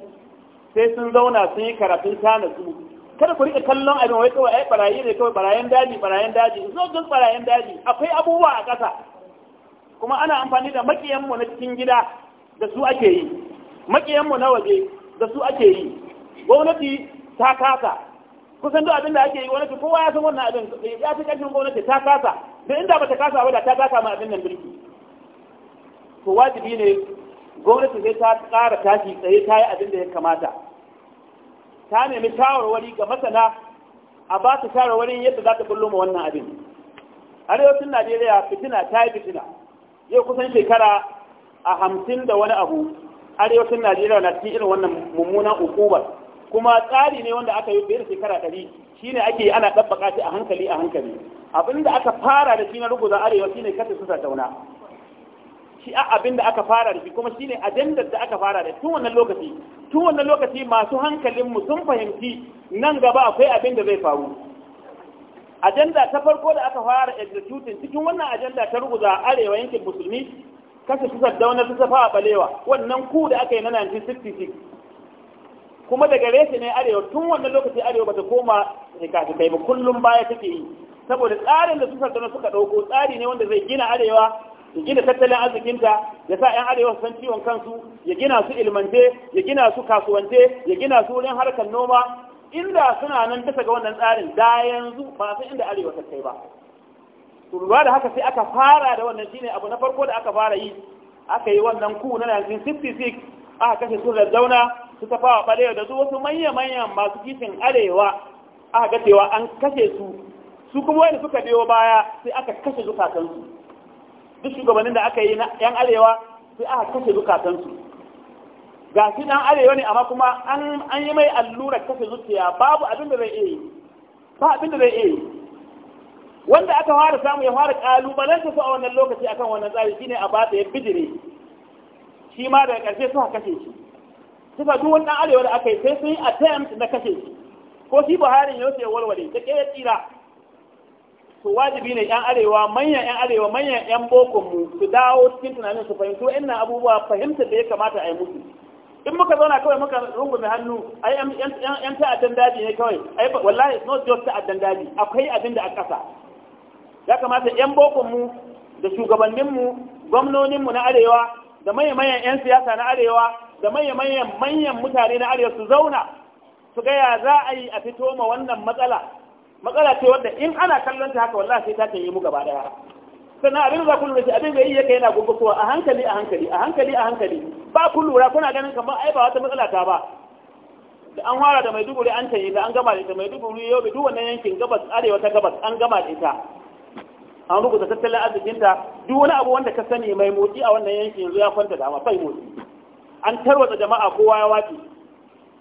sai sun zauna sun yi karatun tana su kada ku rika kallon abin wai kawai ai barayi ne kawai barayin daji barayin daji zo gan barayen daji akwai abubuwa a ƙasa kuma ana amfani da makiyanmu na cikin gida da su ake yi makiyanmu na waje da su ake yi gwamnati ta kasa kusan duk abin da ake yi gwamnati kowa ya san wannan abin ya fi ƙarfin gwamnati ta kasa da inda ba ta kasa ba da ta kasa ma abin nan birki to wajibi ne gwamnati sai ta kara tashi tsaye ta yi abin da ya kamata ta nemi shawarwari ga masana a ba su shawarwari yadda za ta bullo ma wannan abin arewacin najeriya fitina ta yi fitina yau kusan shekara a hamsin da wani abu arewacin najeriya na cikin irin wannan mummunan ukubar kuma tsari ne wanda aka yi fiye da shekara ɗari shine ake ana ɗabbaka shi a hankali a hankali Abin da aka fara da shi na ruguza arewa ne kasa su tauna. shi a abin da aka fara da shi kuma shine ajandar da aka fara da tun wannan lokaci tun wannan lokaci masu hankalinmu sun fahimci nan gaba akwai abin da zai faru ajanda ta farko da aka fara executing cikin wannan ajanda ta ruguza arewa yankin musulmi kasa su saddauna su safa balewa wannan ku da aka yi na 1966 kuma daga reshe ne arewa tun wannan lokaci arewa bata koma kai ba kullum baya take yi saboda tsarin da su na suka ɗauko tsari ne wanda zai gina arewa ya gina tattalin arzikinta ya sa 'yan arewa san ciwon kansu ya gina su ilmante ya gina su kasuwante ya gina su wurin harkar noma inda suna nan bisa ga wannan tsarin da yanzu ba san inda arewa ta kai ba to da haka sai aka fara da wannan shine abu na farko da aka fara yi aka yi wannan ku na 1966 aka kashe su da zauna su ta fawa barewa da su wasu manya-manyan masu kifin arewa aka ga an kashe su su kuma wani suka biyo baya sai aka kashe zukatansu duk shugabannin da aka yi na yan arewa sai aka kashe zukatansu ga shi dan arewa ne amma kuma an yi mai allurar kashe zuciya babu abin da zai iya yi ba abin da zai iya yi wanda aka fara samu ya fara kalubalen su a wannan lokaci akan wannan tsari shine a ba ya bijire shi ma daga karshe suka kashe shi suka duk wannan arewa da aka yi sai sun yi attempt na kashe shi ko shi Buhari ya wuce warware da ke ya tsira to wajibi ne yan arewa manyan yan arewa manyan yan bokon mu su dawo cikin tunanin su fahimtu ina abubuwa fahimta da ya kamata a yi musu in muka zauna kawai muka mai hannu ai yan ta'addan daji ne kawai ai wallahi it's not just ta'addan daji akwai abin da a kasa ya kamata yan bokon mu da shugabannin mu gwamnonin mu na arewa da manya-manyan yan siyasa na arewa da manya-manyan manyan mutane na arewa su zauna su gaya za a yi a fito ma wannan matsala matsala ce wanda in ana kallon ta haka wallahi sai ta yi mu gaba daya sannan abin za ku lura shi abin da yi yake yana gurgurtowa a hankali a hankali a hankali a hankali ba ku lura kuna ganin kamar ai ba wata matsala ta ba da an fara da maiduguri an tayi da an gama da ita maiduguri yau da duk wannan yankin gabas arewa ta gabas an gama da ita an rubuta tattalin arzikinta duk wani abu wanda ka sani mai motsi a wannan yankin yanzu ya kwanta da mafai motsi an tarwata jama'a kowa ya wace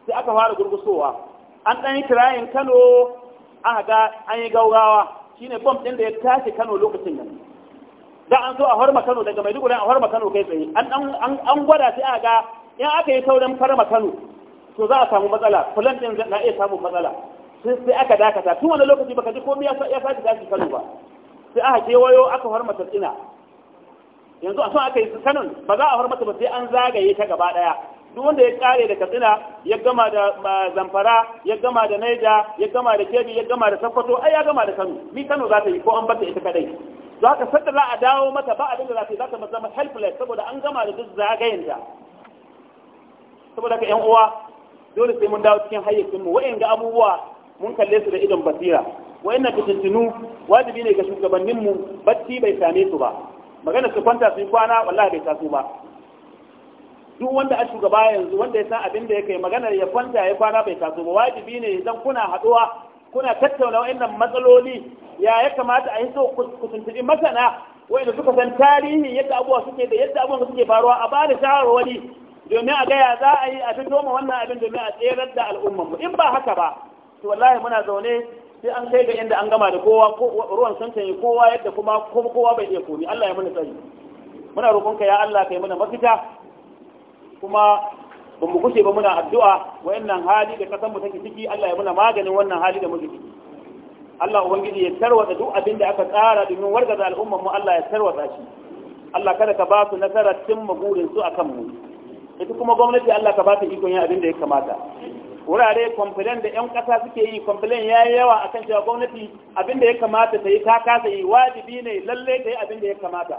sai aka fara gurgusowa an ɗan yi kirayin kano aka ga an yi gaugawa shine bom ɗin da ya tashi Kano lokacin nan da an zo a horma Kano daga Maiduguri a horma Kano kai tsaye an gwada sai aka ga in aka yi saurin farma Kano to za a samu matsala fulan ɗin na iya samu matsala sai aka dakata tun wani lokaci baka ji komai ya sake tashi Kano ba sai aka kewayo aka horma Katsina yanzu a son aka yi Kano ba za a horma ta ba sai an zagaye ta gaba ɗaya duk wanda ya kare da katsina ya gama da zamfara ya gama da naija ya gama da kebi ya gama da sokoto ai ya gama da kano ni kano za ta yi ko an bata ita kadai za ka sadda za a dawo mata ba abin da za ta yi za ta zama helpless saboda an gama da duk zagayen da saboda ka yan uwa dole sai mun dawo cikin hayyacin mu wa'in ga abubuwa mun kalle su da idon basira wa'in na fitintinu wajibi ne ga shugabannin mu bacci bai same su ba magana su kwanta su yi kwana wallahi bai taso ba duk wanda a shugaba yanzu wanda ya san abin da ya kai maganar ya kwanta ya kwana bai taso ba wajibi ne idan kuna haɗuwa kuna tattauna wa'annan matsaloli ya ya kamata a yi so ku tuntuɓi masana wa'anda suka san tarihi yadda abubuwa suke da yadda abubuwa suke faruwa a ba da shawarwari domin a gaya za a yi a fi doma wannan abin domin a tserar da al'ummanmu in ba haka ba to wallahi muna zaune sai an kai ga inda an gama da kowa ruwan san canyi kowa yadda kuma kowa bai iya komi Allah ya muna tsari muna roƙonka ya Allah kai muna mafita kuma ba mu kushe ba muna addu'a wayannan hali da kasan mu take ciki Allah ya muna maganin wannan hali da muke ciki Allah ubangiji ya tarwata duk abin da aka tsara domin wargaza al'ummar mu Allah ya tarwata shi Allah kada ka ba su nasara cin magurin su akan mu ita kuma gwamnati Allah ka ba ta ikon yin abin da ya kamata wurare complain da 'yan ƙasa suke yi complain ya yi yawa akan cewa gwamnati abin da ya kamata ta yi ta kasa yi wajibi ne lalle ta yi abin da ya kamata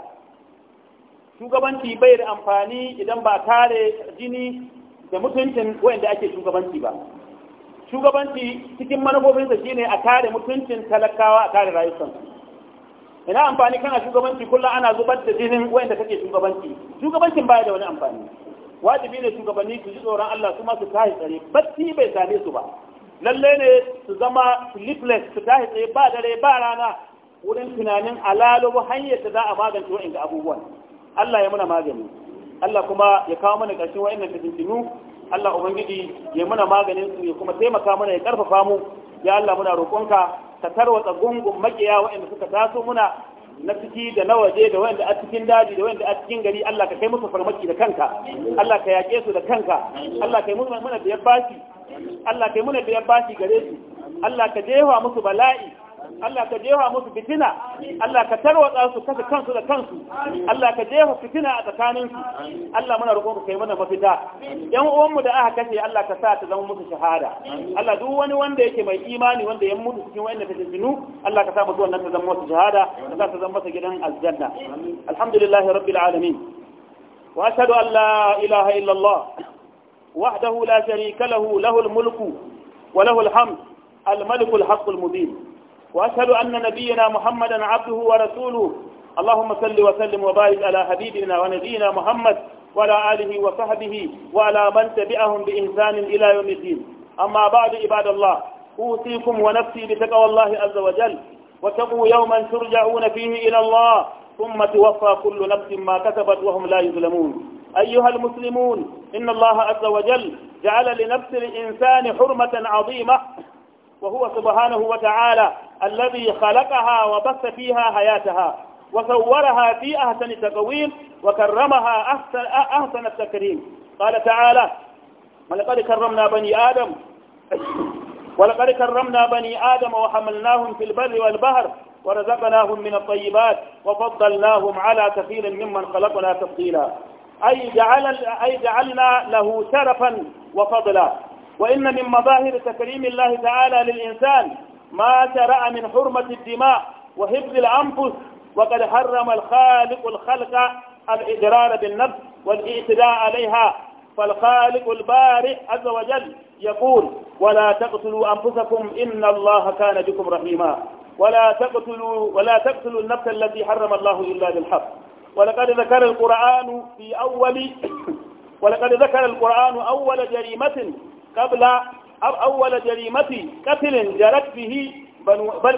shugabanci bai da amfani idan ba tare jini da mutuncin wanda ake shugabanci ba shugabanci cikin manufofinsa shine a tare mutuncin talakawa a kare rayukansu ina amfani kana shugabanci kullum ana zubar da jinin wanda kake shugabanci shugabancin baya da wani amfani wajibi ne shugabanni su ji tsoron Allah su su tashi tsare bacci bai same su ba lalle ne su zama sleepless su tashi tsare ba dare ba rana wurin tunanin alalubu hanyar da za a magance wa'in abubuwan Allah ya muna magani Allah kuma ya kawo mana ƙarshen wa'annan tafintinu Allah ubangiji ya muna maganin su ya kuma taimaka mana ya karfafa mu ya Allah muna roƙonka ka tarwatsa gungun makiya wa'anda suka taso muna na ciki da na waje da wanda a cikin daji da wanda a cikin gari Allah ka kai musu farmaki da kanka Allah ka yaƙe su da kanka Allah ka yi muna da bashi Allah ka yi muna da bashi gare su Allah ka jefa musu bala'i Allah ka jefa musu fitina Allah ka tarwatsa su kasa kansu da kansu Allah ka jefa fitina a tsakaninsu. Allah muna roƙon ka kai mana mafita yan uwanmu da aka kashe Allah ka sa ta zama musu shahada Allah duk wani wanda yake mai imani wanda ya mutu cikin wayannan fitinu Allah ka sa musu wannan ta zama musu shahada ka sa ta zama masa gidan aljanna alhamdulillah rabbil alamin wa ashhadu an la ilaha illa Allah wahdahu la sharika lahu lahul mulku wa lahul hamd الملك الحق المبين وأشهد أن نبينا محمدا عبده ورسوله اللهم صل وسلم وبارك على حبيبنا ونبينا محمد وعلى آله وصحبه وعلى من تبعهم بإنسان إلى يوم الدين أما بعد عباد الله أوصيكم ونفسي بتقوى الله عز وجل واتقوا يوما ترجعون فيه إلى الله ثم توفى كل نفس ما كسبت وهم لا يظلمون أيها المسلمون إن الله عز وجل جعل لنفس الإنسان حرمة عظيمة وهو سبحانه وتعالى الذي خلقها وبث فيها حياتها وصورها في أحسن تقويم وكرمها أحسن, أحسن التكريم قال تعالى ولقد كرمنا بني آدم ولقد كرمنا بني آدم وحملناهم في البر والبحر ورزقناهم من الطيبات وفضلناهم على كثير ممن خلقنا تفضيلا أي, جعل أي جعلنا له شرفا وفضلا وإن من مظاهر تكريم الله تعالى للإنسان ما شرع من حرمة الدماء وحفظ الأنفس وقد حرم الخالق الخلق الإضرار بالنفس والاعتداء عليها فالخالق البارئ عز وجل يقول ولا تقتلوا أنفسكم إن الله كان بكم رحيما ولا تقتلوا ولا تقتلوا النفس التي حرم الله إلا بالحق ولقد ذكر القرآن في أول ولقد ذكر القرآن أول جريمة قبل أو أول جريمة قتل جرت به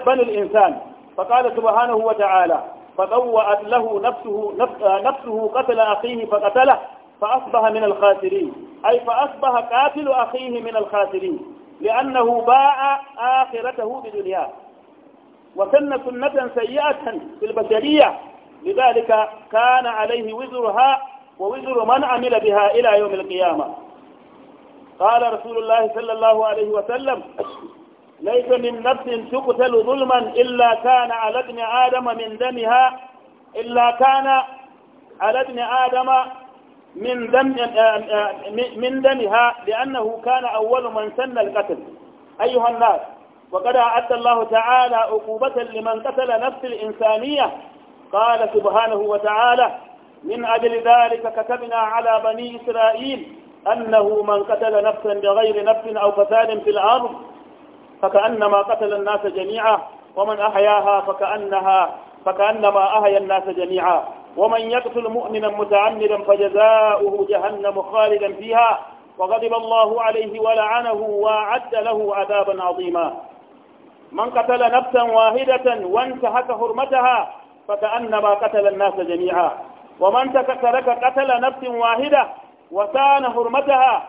بنو الإنسان فقال سبحانه وتعالى فضوأت له نفسه آه، نفسه قتل أخيه فقتله فأصبح من الخاسرين أي فأصبح قاتل أخيه من الخاسرين لأنه باع آخرته بدنياه وسن سنة سيئة في البشرية لذلك كان عليه وزرها ووزر من عمل بها إلى يوم القيامة قال رسول الله صلى الله عليه وسلم ليس من نفس تقتل ظلما إلا كان على ابن آدم من دمها إلا كان على ابن آدم من دم من دمها لأنه كان أول من سن القتل أيها الناس وقد أعد الله تعالى عقوبة لمن قتل نفس الإنسانية قال سبحانه وتعالى من أجل ذلك كتبنا على بني إسرائيل أنه من قتل نفسا بغير نفس أو فساد في الأرض فكأنما قتل الناس جميعا ومن أحياها فكأنها فكأنما أحيا الناس جميعا ومن يقتل مؤمنا متعمدا فجزاؤه جهنم خالدا فيها وغضب الله عليه ولعنه وأعد له عذابا عظيما من قتل نفسا واحدة وانتهك حرمتها فكأنما قتل الناس جميعا ومن ترك قتل نفس واحدة وسان حرمتها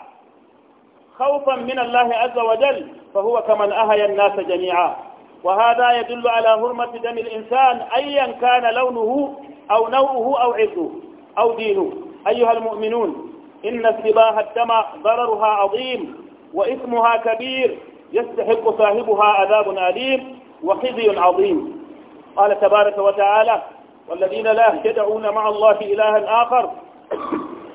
خوفا من الله عز وجل فهو كمن أهي الناس جميعا وهذا يدل على حرمة دم الإنسان أيا كان لونه أو نوعه أو عزه أو دينه أيها المؤمنون إن استباه الدم ضررها عظيم وإثمها كبير يستحق صاحبها عذاب أليم وخزي عظيم قال تبارك وتعالى والذين لا يدعون مع الله إلها آخر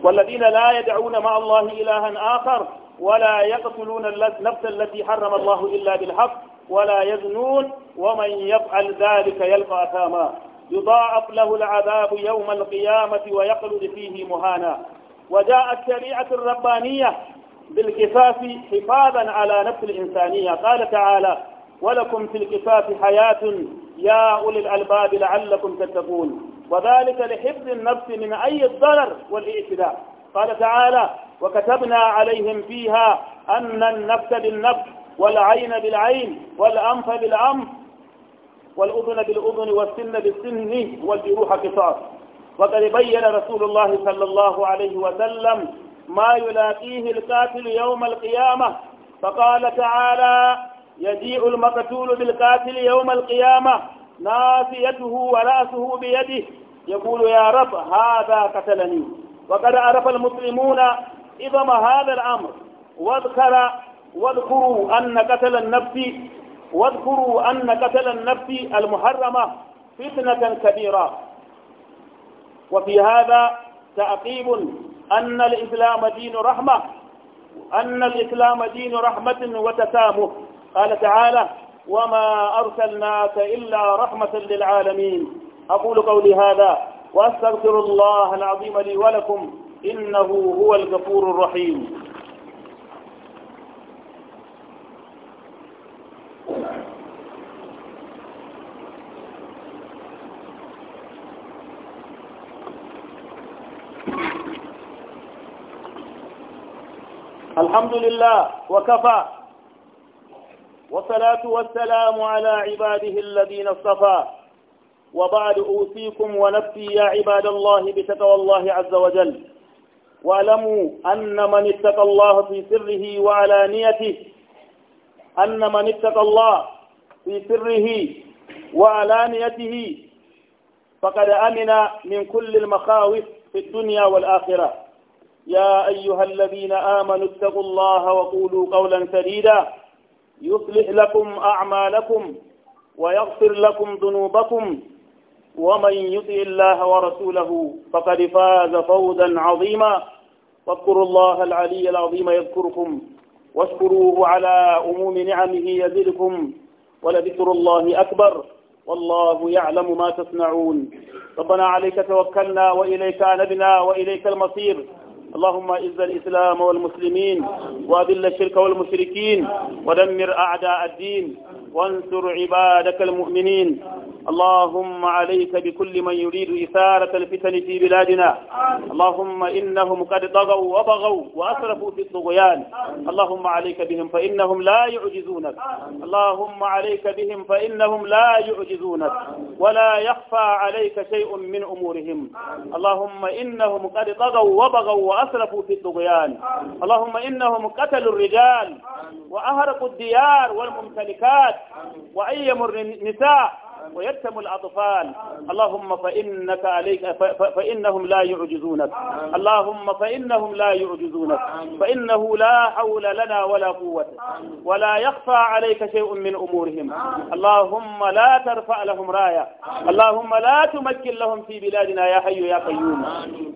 والذين لا يدعون مع الله إلها آخر ولا يقتلون النفس التي حرم الله إلا بالحق ولا يزنون ومن يفعل ذلك يلقى أثاما يضاعف له العذاب يوم القيامة ويخلد فيه مهانا وجاءت الشريعة الربانية بالكفاف حفاظا على نفس الإنسانية قال تعالى ولكم في الكفاف حياة يا أولي الألباب لعلكم تتقون وذلك لحفظ النفس من أي الضرر والإعتداء قال تعالى وكتبنا عليهم فيها أن النفس بالنفس والعين بالعين والأنف بالأنف والأذن بالأذن والسن بالسن والجروح قصاص وقد بين رسول الله صلى الله عليه وسلم ما يلاقيه القاتل يوم القيامة فقال تعالى يجيء المقتول بالقاتل يوم القيامة نافيته ورأسه بيده يقول يا رب هذا قتلني وقد عرف المسلمون إذا هذا الأمر واذكر واذكروا أن قتل النفس واذكروا أن قتل النفس المحرمة فتنة كبيرة وفي هذا تعقيب أن الإسلام دين رحمة أن الإسلام دين رحمة وتسامح قال تعالى وما أرسلناك إلا رحمة للعالمين أقول قولي هذا وأستغفر الله العظيم لي ولكم إنه هو الغفور الرحيم الحمد لله وكفى والصلاة والسلام على عباده الذين اصطفى وبعد أوصيكم ونفسي يا عباد الله بتقوى الله عز وجل واعلموا أن من اتقى الله في سره وعلانيته أن من اتقى الله في سره وعلانيته فقد أمن من كل المخاوف في الدنيا والآخرة يا أيها الذين آمنوا اتقوا الله وقولوا قولا سديدا يصلح لكم أعمالكم ويغفر لكم ذنوبكم ومن يطع الله ورسوله فقد فاز فوزا عظيما واذكروا الله العلي العظيم يذكركم واشكروه على أموم نعمه يزدكم ولذكر الله أكبر والله يعلم ما تصنعون ربنا عليك توكلنا وإليك أنبنا وإليك المصير اللهم اعز الإسلام والمسلمين وأذل الشرك والمشركين ودمر أعداء الدين وانصر عبادك المؤمنين اللهم عليك بكل من يريد إثارة الفتن في بلادنا اللهم إنهم قد طغوا وبغوا وأسرفوا في الطغيان اللهم عليك بهم فإنهم لا يعجزونك اللهم عليك بهم فإنهم لا يعجزونك ولا يخفى عليك شيء من أمورهم اللهم إنهم قد طغوا وبغوا وأسرفوا في الطغيان اللهم إنهم قتلوا الرجال وأهرقوا الديار والممتلكات وأيموا النساء ويكتم الأطفال اللهم فإنك عليك فإنهم لا يعجزونك اللهم فإنهم لا يعجزونك فإنه لا حول لنا ولا قوة ولا يخفى عليك شيء من أمورهم اللهم لا ترفع لهم راية اللهم لا تمكن لهم في بلادنا يا حي يا قيوم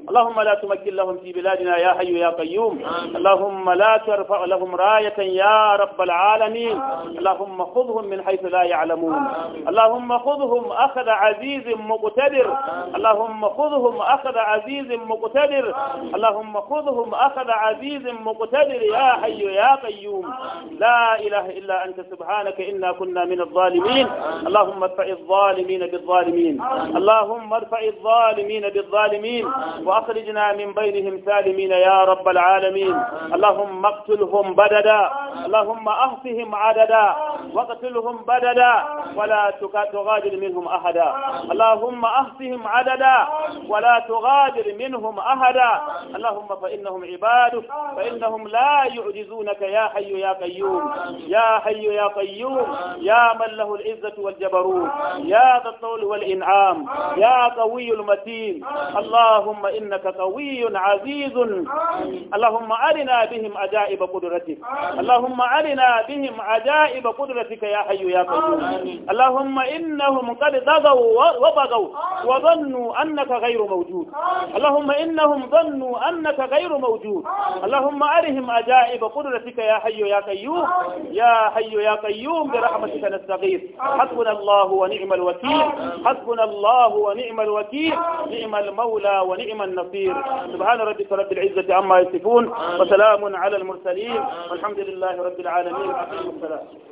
اللهم لا تمكن لهم في بلادنا يا حي يا قيوم اللهم لا ترفع لهم راية يا رب العالمين اللهم خذهم من حيث لا يعلمون اللهم خذهم أخذ عزيز مقتدر اللهم خذهم أخذ عزيز مقتدر اللهم خذهم أخذ عزيز مقتدر يا حي يا قيوم لا إله إلا أنت سبحانك إنا كنا من الظالمين اللهم ارفع الظالمين بالظالمين اللهم ارفع الظالمين بالظالمين وأخرجنا من بينهم سالمين يا رب العالمين اللهم اقتلهم بددا اللهم أهفهم عددا واقتلهم بددا ولا تكاتغا تغادر منهم أحدا اللهم أحصهم عددا ولا تغادر منهم أحدا اللهم فإنهم عبادك فإنهم لا يعجزونك يا حي يا قيوم يا حي يا قيوم يا من له العزة والجبروت يا ذا الطول والإنعام يا قوي المتين اللهم إنك قوي عزيز اللهم أرنا بهم عجائب قدرتك اللهم أرنا بهم عجائب قدرتك يا حي يا قيوم اللهم إن أنهم قد ضغوا وبغوا آه. وظنوا أنك غير موجود آه. اللهم إنهم ظنوا أنك غير موجود آه. اللهم أرهم أجائب قدرتك يا حي يا قيوم يا حي يا قيوم برحمتك نستغيث حسبنا الله ونعم الوكيل حسبنا الله ونعم الوكيل نعم المولى ونعم النصير سبحان ربك رب العزة عما يصفون وسلام على المرسلين والحمد لله رب العالمين أقيم السلام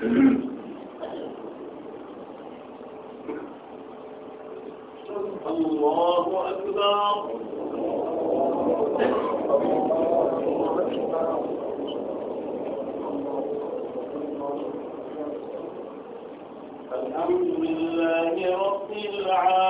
الله أكبر الحمد لله رب العالمين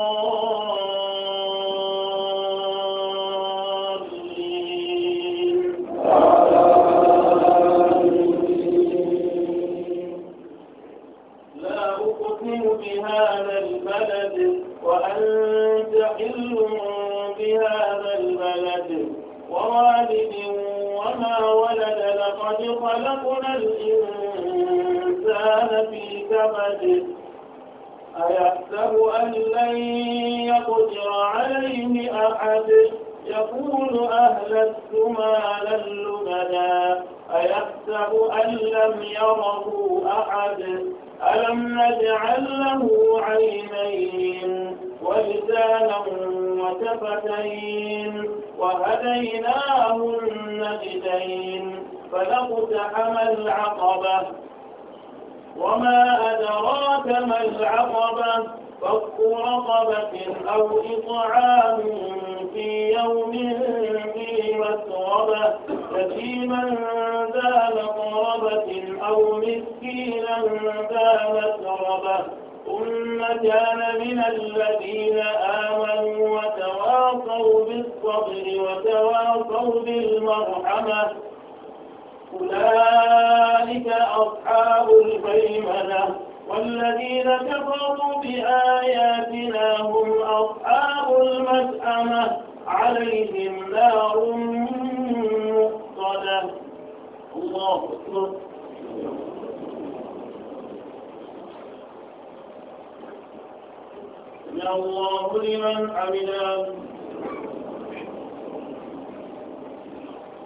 أيحسب أن لن يقدر عليه أحد يقول أهلت مالا لبدا أيحسب أن لم يره أحد ألم نجعل له عينين ولسانا وشفتين وهديناه النجدين فلقتحم العقبة وما أدراك ما العقبة فك رقبة أو إطعام في يوم في مسربة يتيما ذا مقربة أو مسكينا ذا مسربة ثم كان من الذين آمنوا وتواصوا بالصبر وتواصوا بالمرحمة أولئك أصحاب الميمنة والذين كفروا بآياتنا هم أصحاب المسأمة عليهم نار مؤصدة الله أكبر يا الله لمن حمده